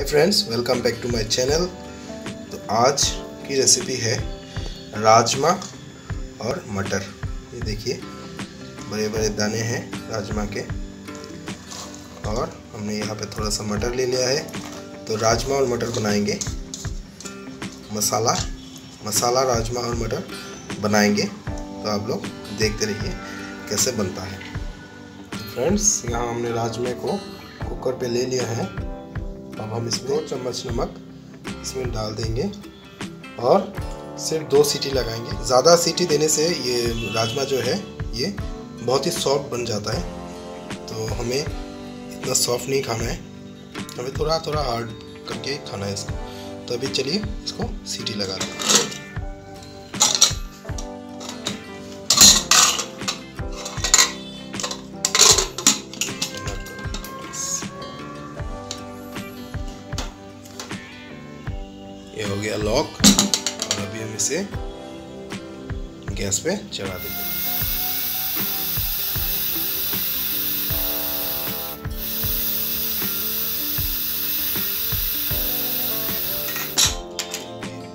hi friends welcome back to my channel तो आज की रेसिपी है राजमा और मटर ये देखिए बड़े बड़े दाने हैं राजमा के और हमने यहाँ पे थोड़ा सा मटर ले लिया है तो राजमा और मटर बनाएंगे मसाला मसाला राजमा और मटर बनाएंगे तो आप लोग देखते रहिए कैसे बनता है फ्रेंड्स तो यहाँ हमने राजमे को कुकर पे ले लिया है अब हम इसमें दो चम्मच नमक इसमें डाल देंगे और सिर्फ दो सीटी लगाएंगे ज़्यादा सीटी देने से ये राजमा जो है ये बहुत ही सॉफ्ट बन जाता है तो हमें इतना सॉफ्ट नहीं खाना है हमें थोड़ा थोड़ा हार्ड करके खाना है इसको तो अभी चलिए इसको सीटी लगा दें गया लॉक और अभी हम इसे गैस पे चढ़ा देते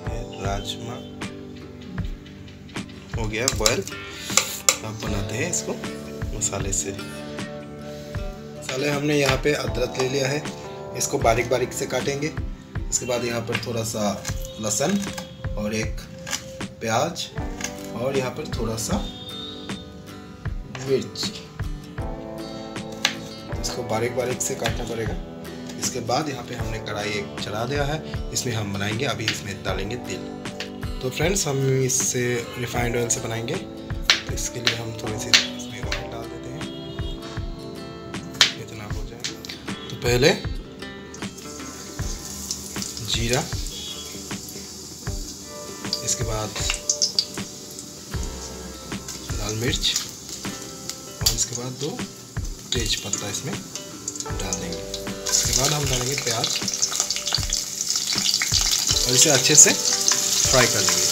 हैं राजमा हो गया बॉयल अब बनाते हैं इसको मसाले से मसाले हमने यहाँ पे अदरक ले लिया है इसको बारीक बारीक से काटेंगे इसके बाद यहाँ पर थोड़ा सा लहसन और एक प्याज और यहाँ पर थोड़ा सा मिर्च इसको बारीक बारीक से काटना पड़ेगा इसके बाद यहाँ पे हमने कढ़ाई एक चढ़ा दिया है इसमें हम बनाएंगे अभी इसमें डालेंगे तेल तो फ्रेंड्स हम इससे रिफाइंड ऑयल से बनाएंगे तो इसके लिए हम थोड़ी सी इसमें ऑयल डाल देते हैं इतना हो जाएगा तो पहले जीरा इसके बाद लाल मिर्च और इसके बाद दो तेज पत्ता इसमें डाल देंगे इसके बाद हम डालेंगे प्याज और इसे अच्छे से फ्राई कर लेंगे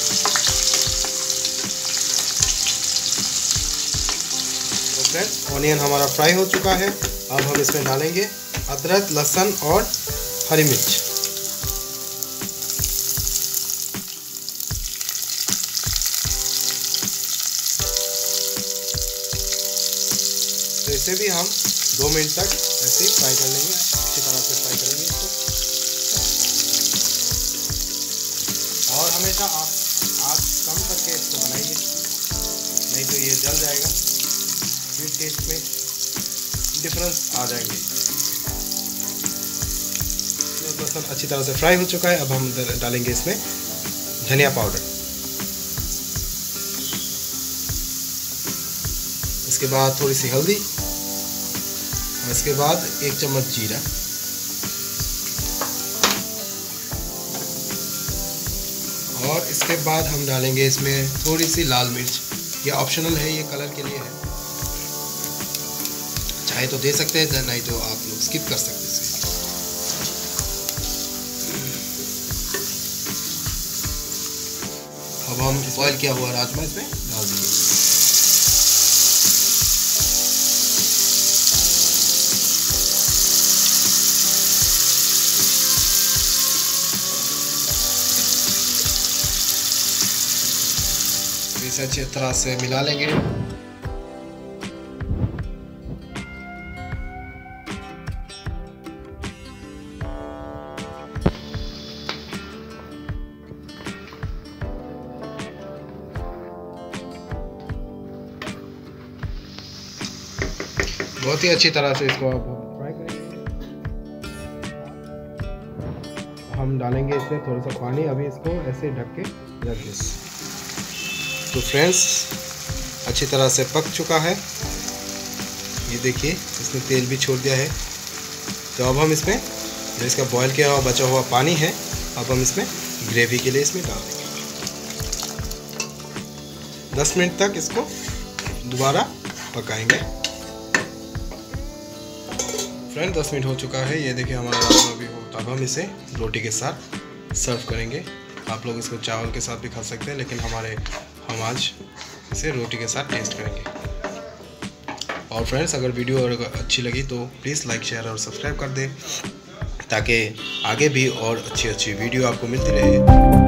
तो ऑनियन हमारा फ्राई हो चुका है अब हम इसमें डालेंगे अदरक लहसुन और हरी मिर्च इसे भी हम दो मिनट तक ऐसे फ्राई कर लेंगे अच्छी तरह से फ्राई करेंगे इसको और हमेशा आप आग कम करके इसको बनाइए नहीं तो ये जल जाएगा फिर टेस्ट में डिफरेंस आ जाएंगे मसल तो अच्छी तरह से फ्राई हो चुका है अब हम डालेंगे इसमें धनिया पाउडर इसके बाद थोड़ी सी हल्दी इसके बाद एक चम्मच जीरा और इसके बाद हम डालेंगे इसमें थोड़ी सी लाल मिर्च ये ऑप्शनल है ये कलर के लिए है चाहे तो दे सकते हैं नहीं तो आप लोग स्किप कर सकते हैं अब हम बॉयल किया हुआ राजमा इसमें डाल दीजिए इसे अच्छी तरह से मिला लेंगे बहुत ही अच्छी तरह से इसको आप फ्राई करेंगे हम डालेंगे इसमें थोड़ा सा पानी अभी इसको ऐसे ढक के दें तो फ्रेंड्स अच्छी तरह से पक चुका है ये देखिए इसने तेल भी छोड़ दिया है तो अब हम इसमें जो इसका बॉयल किया हुआ बचा हुआ पानी है अब हम इसमें ग्रेवी के लिए इसमें डाल देंगे दस मिनट तक इसको दोबारा पकाएंगे फ्रेंड दस मिनट हो चुका है ये देखिए हमारा राजमा अभी हो अब हम इसे रोटी के साथ सर्व करेंगे आप लोग इसको चावल के साथ भी खा सकते हैं लेकिन हमारे हम आज इसे रोटी के साथ टेस्ट करेंगे और फ्रेंड्स अगर वीडियो अच्छी लगी तो प्लीज़ लाइक शेयर और सब्सक्राइब कर दें ताकि आगे भी और अच्छी अच्छी वीडियो आपको मिलती रहे